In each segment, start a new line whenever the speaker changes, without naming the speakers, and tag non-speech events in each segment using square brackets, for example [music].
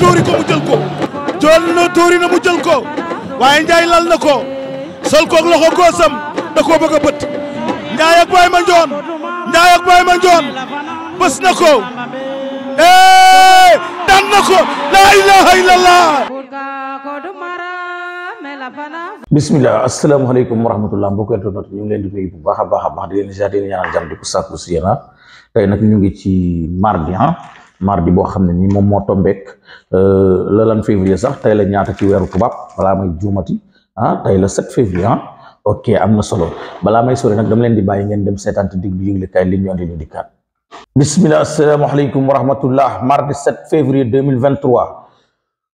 tuuri ko mu jël mu jël ko waaye Ndiaye lal na ko sol koog loxo góosam da koo bëgg a bët Ndiaye ak Baye Mandione Ndiaye bës na ko eh daan na ko la ilaha illallah bismillah asalaamaaleykum ñu ngi leen di bu baax a baax ñu ngi ci mardi ah. mardi boo xam ne nii moom moo tombeek euh, la lan février sax tey la ñaata ci weeru tubaab balaa may juumati ah tey la 7 février ah ok am na solo balaa may sori nag dam leen di bàyyi ngeen dem seetaante dig bi yëglekaay li ñu andi ñu dikkaat bismillah asalaamaaleykum wa rahmatullah mardi 7 février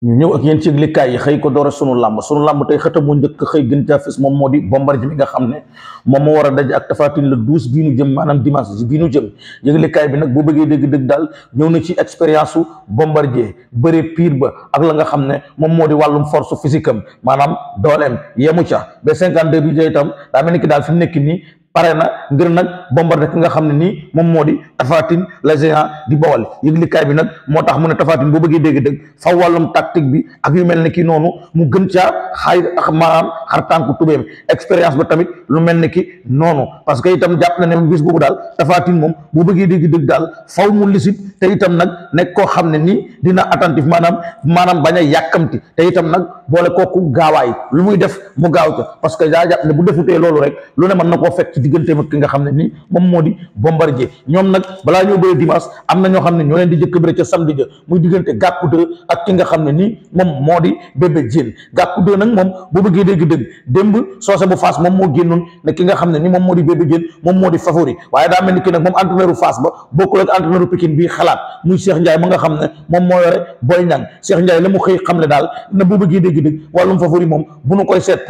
ñu ñëw ak yéen ci yëglikaay yi xëy ko doore sunu làmb sunu làmb tey xëta mu njëkk xëy gën caa moom moo di Bombardier mi nga xam ne moom moo war a daje ak tafaatin le douze bii jëm maanaam dimanche si bii nu jëm yëglikaay bi nag boo bëggee dégg dëgg daal ñëw na ci expérience su Bombardier bëre piir ba ak la nga xam ne moom moo di wàllum force physique am maanaam dooleem yemu ca ba cinquante deux bi jëy itam daa mel ni ki daal fi mu nekk nii pare na ngir nag bombarde ki nga xam ne nii moom moo di tafatin la géant di bawal yëglikaay bi nag moo tax mu ne tafatin boo bëggee dégg dëgg fa wàllum tactique bi ak yu mel ni ki noonu mu gën caa xaay maanaam xar tànku tubéem expérience ba tamit lu mel ni ki noonu parce que itam jàpp na ne bis boobu daal tafatin moom boo bëggee dégg dëgg daal faw mu lisit te itam nag nekk koo xam ne nii dina attentif maanaam maanaam bañ a yàkkamti te itam nag boole kooku gaawaay lu muy def mu gaaw ca parce que daa jàpp ne bu defutee loolu rek lu ne mën na koo fekk digganteem ak ki nga xam ne ni moom moo di bombardier ñoom nag balaa ñoo bëre dimanche am na ñoo xam ne ñoo leen di jëkk bëre ca samedi ja muy diggante gàkku deux ak ki nga xam ne ni moom moo di bébé jéen gàkku deux nag moom boo bëggee dégg dëgg démb soose bu faas moom moo génnoon ne ki xam ne ni moom moo di moo di favori waaye daa mel ni ki nag moom entraîneur u faas ba bokkul ak entraîneur u Pikine bii xalaat muy Cheikh Ndiaye ma nga xam ne moom moo yore Boy Niang Cheikh Ndiaye la mu xëy xamle daal na boo bëggee dégg dëgg wàllum favori moom bu nu koy seet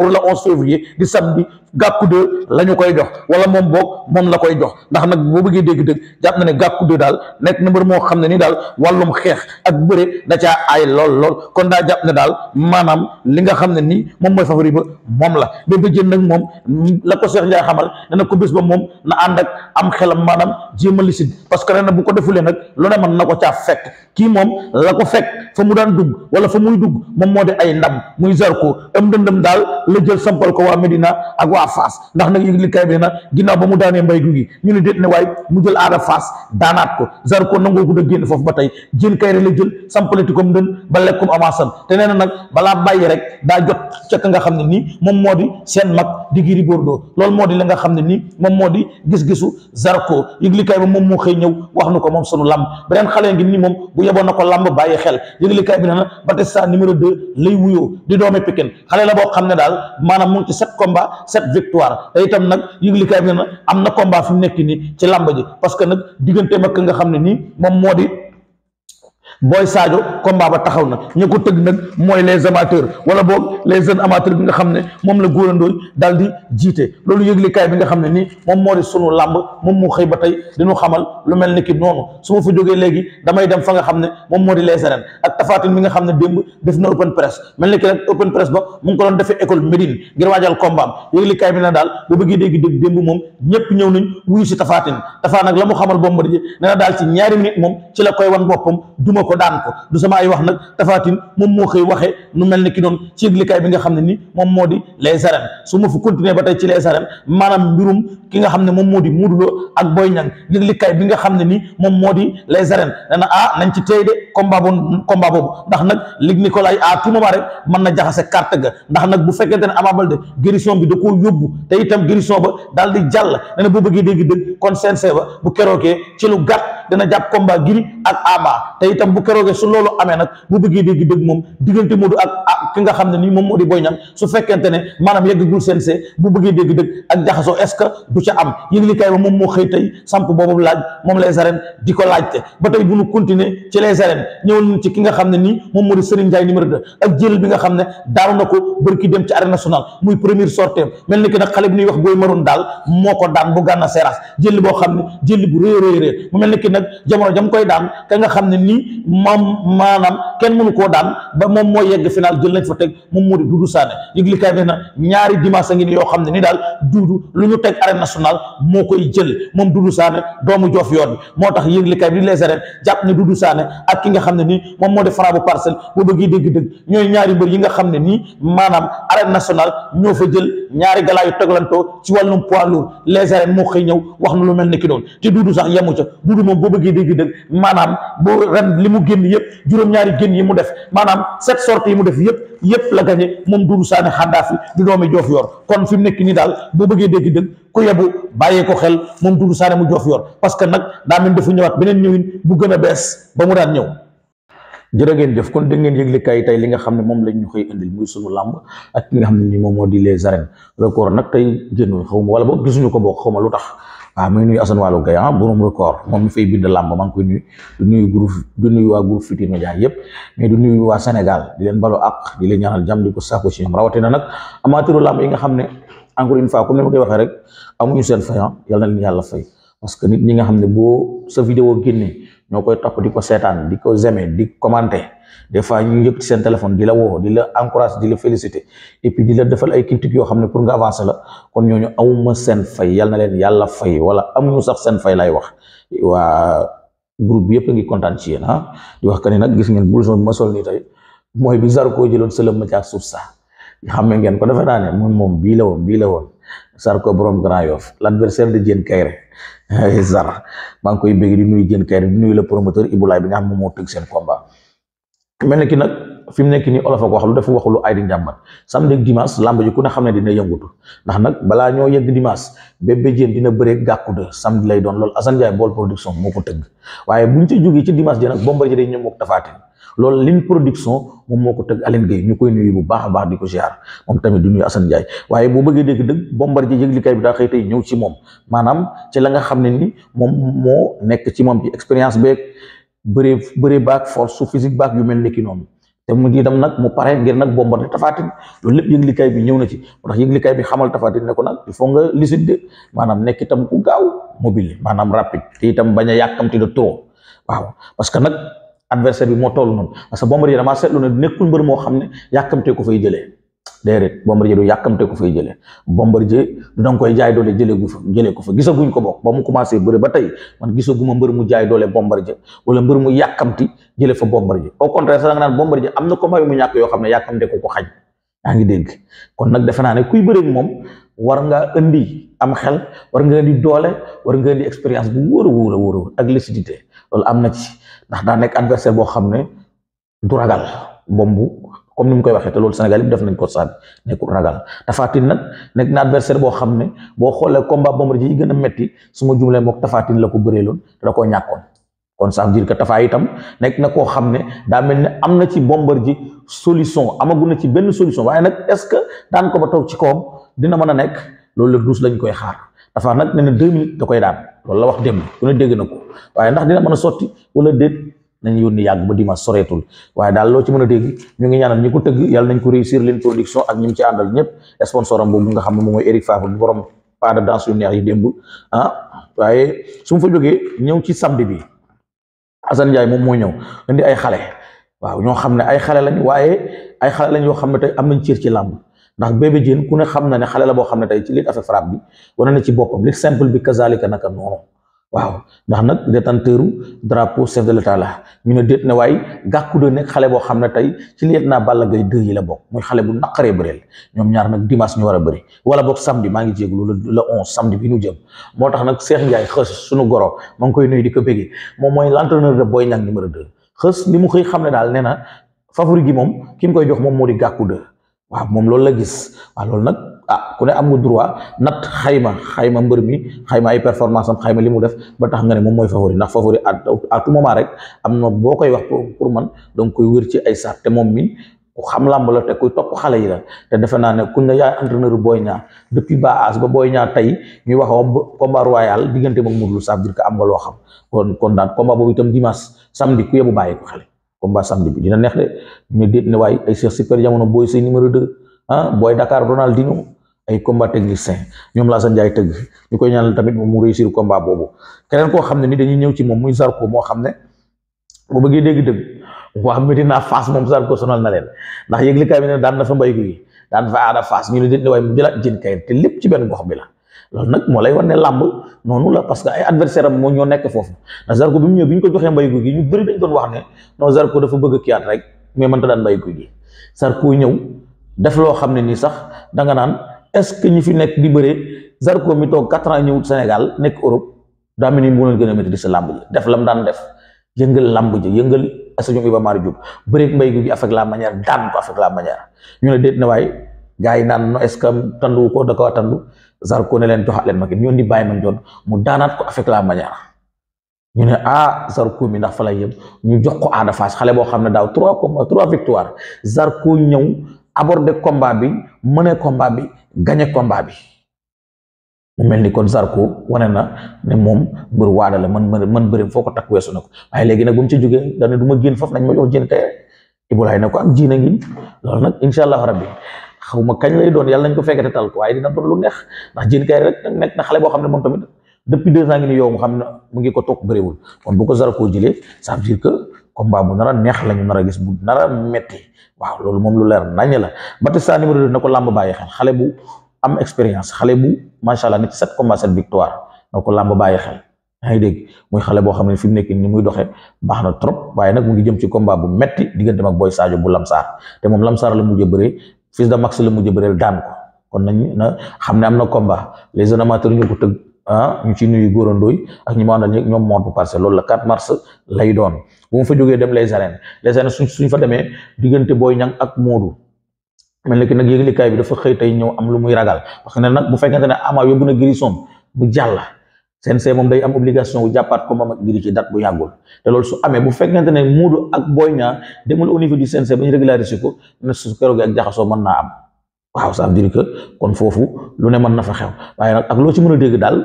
gàkku de la ñu koy jox wala moom boog moom la koy jox ndax nag boo bëggee dégg-dégg jàpp na ne gàkku de daal nekk na mbër moo xam ne ni daal wàllum xeex ak bëre da caa ay lool lool kon daa jàpp ne daal maanaam li nga xam ne nii moom mooy favori ba moom la Bébé Diène nag moom la ko Cheikh Ndiaye xamal ne na ko bés ba moom na ànd ak am xelam maanaam jéem a lisin parce que nee na bu ko defulee nag lu ne mën na ko caa fekk kii moom la ko fekk fa mu daan dugg wala fa muy dugg moom moo de ay ndam muy zarko am dëndam daal la jël sampal ko waa Medina ak waa waa Fass ndax nag yëglikaay bi na ginnaaw ba mu daanee mbay gu ñu ne déet ne waaye mu jël aada Fass daanaat ko Zarko nangoo gudd a génn foofu ba tey jën kayre la jël sampalati nii moom moo di seen mag di Gris Bordeaux loolu moo di la nga xam ne nii moom moo di gis-gisu Zarko yëglikaay ba moom moo xëy ñëw wax nu ko moom sunu lamb beneen xale ngi nii moom bu yeboon na ko lamb bàyyi xel yëglikaay bi nee na Batista numéro deux lay wuyoo di doomi victoire te itam nag yëglikaay bi ne na am na combat fi mu nekk nii ci làmb ji parce que nag digganteem ak nga xam ne nii moom moo di booy Sadio combat ba taxaw na ña ko tëgg nag mooy les amateurs wala boog les jeunes bi nga xam ne moom la Gora Ndoye daal di jiite loolu bi nga xam ne nii moom moo di sunu làmb moom mu xëy ba tey diñu xamal mel ni ki noonu su ma fa jógee léegi damay dem fa nga xam ne moom moo di les arènes ak tafaatin mi nga xam ne démb def na open press mel ni ki nag open press ba mu ngi ko doon defee école Médine ngir waajal combat am yëglikaay bi na daal bu bëggee dégg dégg démb moom ñëpp ñëw nañ wuyu si tafaatin tafaa nag la mu xamal Bombardier nee na daal ci ñaari nit moom ci la koy wan ko daan ko du sama ay wax nag Tapha Tine moom moo koy nu mel ni ki noonu ci yëglikaay bi nga xam ne ni moom moo di les arènes su ma fu continuer ba tey ci les arènes maanaam mbirum ki nga xam ne moom moo di Modou Lo ak Boy Niang yëglikaay bi nga xam ne ni moom moo di les arènes nee na ah nañ ci tey de combat boobu combat boobu ndax nag Luc Nicolaï à tout moment mën na jaxase carte ga ndax nag bu fekkente ne Ama Baldé guérison bi da koo yóbbu te itam guérison ba daal di jàll nee na boo bëggee dégg dëgg kon CNG ba bu kerookee ci lu gàtt dana jàpp combat Gris ak Ama te itam bu keroogee su loolu amee nag bu bëggee dégg dëgg moom ak ak ki nga xam ne nii moom moo di Boy Niang su fekkente ne maanaam yeggagul seen see bu bëggee dégg dëgg ak jaxasoo est du ca am yéen ba moom moo xëy tey samp boobu laaj moom moo di Serigne Ndiaye numéro 2 ak jël bi xam ne daanu na ko bërki dem ci arène nationale muy première sortie mel ni nag xale bi ñuy wax Boy Maroon daal moo ko daan bu gànna seeraas jël boo xam ne jël bu réy réy mel ni nag jamono jam koy daan ka nga xam ne nii moom demi-finale jël nañ fa teg moom moo di Doudou Sané yëglikaay bi na ñaari dimanche a ngi ni yoo xam ne ni daal Doudou lu ñu teg arène nationale moo koy jël moom Doudou Sané doomu Joof yoon bi moo tax yëglikaay bi di Les Arènes jàpp ne Doudou Sané ak ki nga xam ne nii moom moo di Franc bu Parcelles boo bëggee dégg-dégg ñooy ñaari mbër yi nga xam ne nii maanaam arène nationale ñoo fa jël ñaari galaa yu teglantoo ci wàllum poids lourd Les Arènes moo xëy ñëw wax na lu mel ni ki doon te Doudou sax yemu ca Doudou moom boo bëggee dégg-dégg maanaam boo ren li mu génn yëpp juróom-ñaari génn yi mu def mu def yëpp yëpp la gañe moom Doudou Sané Xandaafi di doomi joof yor kon fi mu nii daal boo bëggee dégg dëgg ku yebu bàyyee ko xel moom Doudou Sané mu joof yor parce que nag daa mel dafa ñëwaat beneen ñëwin bu gën a bees ba mu daan ñëw jërë ngeen jëf kon dégg ngeen yëglikaay yi li nga xam ne moom lañ koy indil muy sunu làmb ak ki nga xam ne ni moom moo di les arènes record nag tey génn xaw ma wala boog gisuñu ko boog xaw ma lu tax waaw muy nuyu Assane Walu Gueye ah borom record moom mi fay bind làmb maa ngi koy nuyu du nuyu groupe du nuyu waa groupe Futurs Médias yëpp mais du nuyu waa Sénégal di leen balo ak di leen ñaanal jàmm di ko sa ci ñoom rawatina nag amateuru làmb yi nga xam ne encore une fois comme ni ma koy waxee rek amuñu seen fayan ah, yàlla na leen yàlla fay parce que nit ñi nga xam ne boo sa vidéo génnee ñoo koy topp di ko seetaan di ko zeme di commenter des fois ñu yëpp seen téléphone di la woo di la encourage di la féliciter et puis di la defal ay critiques yoo xam ne pour nga avancer la kon ñooñu awma seen fay yal na leen yàlla fay wala amuñu sax seen fay lay wax waa groupe bi yëpp a ngi kontaan ci yéen ah di wax que ni nag gis ngeen blouson bi ma sol nii tey mooy bi Zarko jëloon sëlëm ma ci ak suuf sax xam ne ngeen ko defee naa ne moom moom bii la woon bii la woon Zarko borom Grand Yoff l'adversaire de Diène Kaïré [laughs] Zar maa ngi koy bëgg di nuyu Diène mel na ki nag fi mu nekk nii olof ak wax lu dafa wax lu ay di njàmbat samedi ak dimanche ku ne xam ne dina yëngutu ndax nag balaa ñoo yëgg dimanche Bébé Diène dina bëree gàkku de samedi lay doon loolu Assane Ndiaye bool moo ko tëgg waaye buñ ca jógee ci dimanche ji nag Bombardier day ñëw mook Tapha Tine loolu Line Production moom moo ko tëgg Aline ñu koy nuyu bu baax a baax di ko ziar moom tamit du nuyu Assane Ndiaye waaye boo bëggee dégg dëgg Bombardier yëglikaay bi daa xëy tey ñëw ci moom maanaam ci la nga xam ne ni moom moo nekk ci moom bi expérience beeg bëree bëree baak force physique baak yu mel ni ki noonu te mu di dem nag mu pare ngir nag bombardé tafaatin loolu lépp yëglikaay bi ñëw na ci moo tax yëglikaay bi xamal tafaatin ne ko nag il faut nga lucide maanaam nekk itam ku gaaw mobile maanaam rapide itam bañ a yàkkamti de trop waaw parce que nag adversaire bi moo toll noonu parce que Bombardier damaa seetlu ne nekkul mbër moo xam ne yàkkamtee ko fay jëlee déedéet Bombardier du yàkkamte ko fay jëlee Bombardier du danga koy jaay doole jëlee gu fa jëlee ko fa gisaguñ ko boo ba mu commencé bëre ba tey man gisaguma mbër mu jaay doole Bombardier wala mbër mu yàkkamti jëlee fa Bombardier au contraire sax da nga naan Bombardier am na combat yu mu ñàkk yoo xam ne yàkkamte ko ko yaa ngi dégg kon nag defe naa ne kuy bëre moom war nga indi am xel war nga indi doole war nga indi expérience bu wóor a wóor a wóor ak lucidité loolu am na ci ndax daa nekk adversaire boo xam ne du ragal bombu comme ni mu koy waxee te loolu Sénégal yi def nañ ko sax nekkul ragal Tapha Tine nag nekk na adversaire boo xam ne boo xoolee combat Bombardier yi gën a metti su ma jumlee mook Tapha la ko na am na ci Bombardier ji solution amagu ci benn solution waaye nag est ce que daan ko ba toog ci kawam dina mën a nekk loolu la douze lañ koy xaar Tapha nag nee na deux minutes da koy daan loolu la wax démb ku ne dégg na ko waaye ndax dina mën a sotti wala déet nañ yónni yàgg ba dimanche soreetul waaye daal loo ci mën a dégg ñu ngi ñaanal ñi ko tëgg yàlla nañ ko réussir leen production ak ñi mu ci àndal ñëpp sponsoram boobu nga xam ne moom mooy Eric Favre bu borom pas de danse yu neex yi démb ah waaye su mu fa jógee ñëw ci samedi bi Assane Ndiaye moom moo ñëw indi ay xale waaw ñoo xam ne ay xale lañ waaye ay xale lañ yoo xam ne tey am nañ cër ci làmb ndax bébé Diène ku ne xam na ne xale la boo xam ne tey ci lutte avec bi wane na ci boppam lutte simple bi kazalika naka noonu waaw ndax nag détenteuru drapeau chef de l'état la ñu ne déet na waaye gàkku de nekk xale boo xam ne tey ci liet naa Balla Gaye 2 yi la bokk muy xale bu naqaree bëreel ñoom ñaar nag dimanche ñu war a bëri wala boog samedi maa ngi jéeglu le onze samedi bi ñu jëm moo tax nag Cheikh Ndiaye xës suñu goro ma ngi koy nuyu di ko béggee moom mooy l'entraîneur de Boy Niang numéro deux xës li mu xëy xam ne daal nee na favori gi moom ki mu koy jox moom moo di gàkku de waaw moom loolu la gis waaw loolu nag a ah, ku ne am nga droit nat xayma xayma mbër mi xayma ay performance am xayma li mu def ba tax nga ne moom mooy favori ndax favori à tout moment rek am na boo koy wax pour man donc koy wér ci ay sart te moom mi ku xam làmb la te kuy topp xale yi la defe naa ne kuñ ne yaay entraîneur Boy Niang depuis ba as ba Boy Niang tey ñuy wax combat royal diggante moom Modou Lô ça veut am nga loo xam kon kon daan combat boobu itam dimanche samedi ku yebu bàyyi ko xale combat samedi bi dina neex de ñu déet ne waaye ay Cheikh Super jamono booy say numéro 2 ah booy Dakar Ronaldinho ay combat technicien ñoom laa Lassane Ndiaye tëgg ñu koy ñaanal tamit moom mu réussir combat boobu keneen koo xam ne ni dañuy ñëw ci moom muy Zarko moo xam ne bu bëggee dégg-dëgg waa Medina Fass moom Zarko sonal na leen ndax yëglikaay bi ne daan na fa mbay gi daan fa aada Fass ñu ne déet ne waaye mu jën kay te lépp ci benn gox bi la loolu nag moo lay war ne làmb noonu la parce que ay adversaire am moo ñoo nekk foofu ndax Zarko bi mu ñëw bi ñu ko joxee mbay guy gi ñu bëri dañ doon wax ne non Zarko sarko bëgg a ñëw def loo xam ne nii sax danga naan est-ce que ñi fi nekk di bëree Zarko mi toog quatre ans ñëwut Sénégal nekk Europe daa nii ni mu gën a métti di sa làmb ji def mu daan def yëngal làmb ji yëngal stadium Iba Mar Diop bëreeg mbay guy gi avec la manière daan ko avec la manière ñu na waaye gaa yi naan est-ce que tandu ko da ko tandu Zarko ne leen joxaat leen ma ñoon di bàyyi ma joon mu daanaat ko avec la ñu ne ah Zarko mi ndax fa la yem ñu jox ko Ada Fass xale boo xam ne daaw trois combats trois victoire Zarko ñëw aborder combat bi mëne combat bi gagné combat bi mu mel ni kon Zarko wane na ne moom mbër waada la man man bërim foo ko takk weesu na ko waaye léegi nag bu ci jógee dana du ma génn foofu nañ ma jox jën tey Ibulaay ne ko am ah, jiina ngi loolu nag incha allahu rabbi xaw ma kañ doon yàlla nañ ko fekkete tal ko waaye dina doon na xale boo xam ne moom tamit yow xam ne mu ngi ko toog bëriwul kon bu ko Zarko jëlee ça veut dire que combat bu nara neex la ñu nar gis bu nara metti waaw loolu moom lu leer nañ la Batista numéro deux na ko làmb bàyyi xale bu am expérience xale bu macha allah nekk sept combat sept victoire na ko làmb bàyyi xel yaa ngi dégg muy xale boo xam ne fi mu nekk ni muy doxee baax na trop waaye nag mu ngi jëm ci combat bu metti diggante mag booy saajo bu Lamsaar te moom Lamsaar la mujjee bëree fis de max la mujj bëreel daan ko kon na xam ne am na combat les amateurs ñu ko tëgg ah ñu ci nuyu góorandooy ak ñi ma àndal ñoom moom bu parce loolu la 4 mars lay doon bu ma fa jógee dem les arènes les arènes suñ suñ fa demee diggante booy Niang ak Modou mel ni que nag yëglikaay bi dafa xëy tey ñëw am lu muy ragal parce que nag bu fekkente ne Ama yóbbu na Grissom mu jàll. CNG moom day am obligation wu jàppaat ko moom ak Gris ci date bu yàggul te loolu su amee bu fekkente ne Modou ak Boy Niang demul au niveau du CNG ba ñu régulariser ko ne su keroog ak jaxasoo man naa am waaw ça veut dire que kon foofu lu ne mën na fa xew waaye nag ak loo ci mën a dégg daal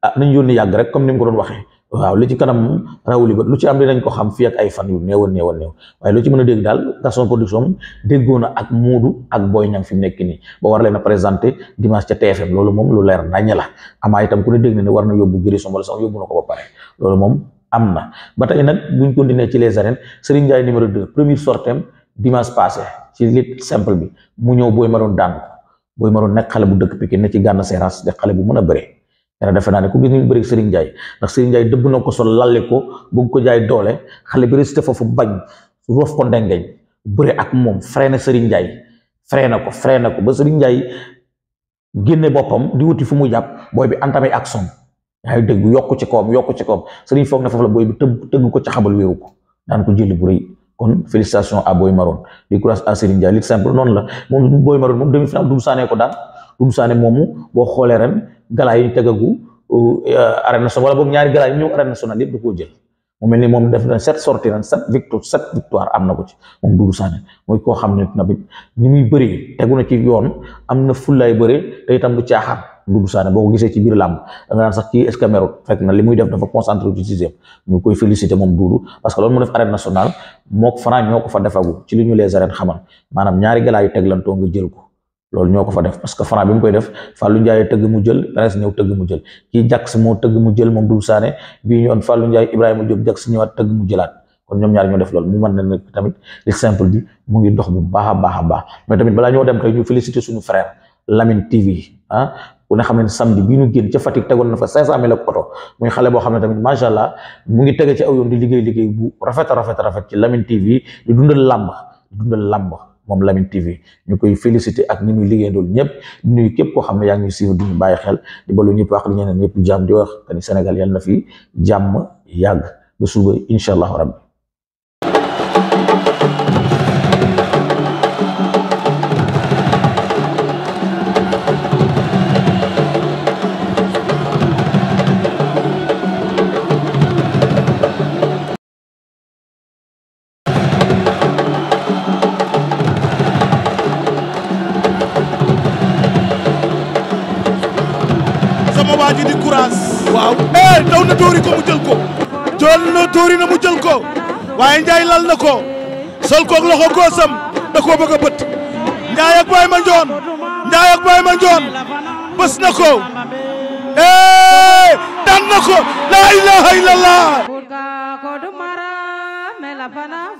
ah nañ yónni yàgg rek comme ni mu ko doon waxee waaw li ci kanam rawuli ba lu ci am dinañ ko xam fii ak ay fan yu néew a néew a waaye lu ci mën a dégg daal Gaston production déggoo na ak Moodu ak Boy Niang fi mu nekk nii ba war leen a présenté dimanche ca TFM loolu moom lu leer nañ la amaa itam ku ne dégg na ne war na yóbbu Gris Sombole sax yóbbu na ko ba pare loolu moom am na ba tey nag buñ continuer ci les arènes Serigne Ndiaye numéro 2 premier sortem dimanche passé ci lit simple bi mu ñëw booy ma doon daan ko booy xale bu dëkk Pikine ne ci gànn séerans de xale bu mën a bëree. nee defe naa ne ku gis ñu bëri Serigne Ndiaye ndax Serigne Ndiaye dëbb na ko sol lalle ko bëgg ko jaay doole xale bi resté foofu bañ roof ko ndengeñ bëri ak moom freiné Serigne Ndiaye freiné ko freiné ko ba Serigne Ndiaye génne boppam di wuti fu mu jàpp booy bi entamé action yaa ngi dégg yokku ci kawam yokku ci kawam Serigne foog na foofu la booy bi tëgg tëgg ko ca xabal wéeru ko ko jëli bu rëy kon félicitations à Boy Maroon di courage à Serigne Ndiaye li simple noonu la moom Boy Maroon moom demi final du ko daan Doudou Sané moomu boo xoolee ren galaa yi ñu tegagu euh, euh, arène nationale wala boog ñaari galaa yi ñëw arène nationale yëpp da koo jël mu mel ni moom def na sept sorties ren sept victoire sept victoire am na ko ci moom Doudou Sané mooy da nga naan sax kii est-ce fekk na li muy def dafa concentré ci sixième ñu koy félicité moom Doudou parce que loolu mu def arène nationale moo ko ñoo ko fa defagu ci li ñu les xamal maanaam ñaari galaa yu teglantoo nga jël ko loolu ñoo ko fa def parce que Franc bi mu koy def Fallou Ndiaye tëgg mu jël Prince ñëw tëgg mu jël kii Jax moo tëgg mu jël moom Doudou Sané bii ñoon Fallou Ndiaye Ibrahima Diop Jax ñëwaat tëgg mu jëlaat kon ñoom ñaar ñoo def loolu mu mën na nekk tamit li simple mu ngi ndox bu baax a baax a baax mais tamit balaa ñoo dem tey ñu féliciter suñu frère Lamine TV ah ku ne xam ne samedi bii ñu génn ca Fatick tegoon na fa 500000 la oto muy xale boo xam ne tamit macha allah mu ngi tege ci aw yoon di liggéey liggéey bu rafet a rafet rafet ci Lamine TV di dundal làmb di dundal làmb moom Lamine TV ñu koy félicité ak ni muy liggéeyandool ñëpp di nuyu képp koo xam ne yaa ngi ñuy di ñu bàyyi xel di balu ñëpp wax di ñeneen ñëpp jàmm di wax que ni Sénégal yàlla na fi jàmm yàgg ba suba incha allahu rabbi waa di courage. waaw eh daw na tóori ko mu jël ko. jël na tóori na mu jël ko. waaye Ndiaye lal na ko. sol koog loxo góosam da koo a bët. Ndiaye ak Baye Mandione. Ndiaye ak Baye Mandione. bës na ko. eh daan na ko. laa ilaaha illallah.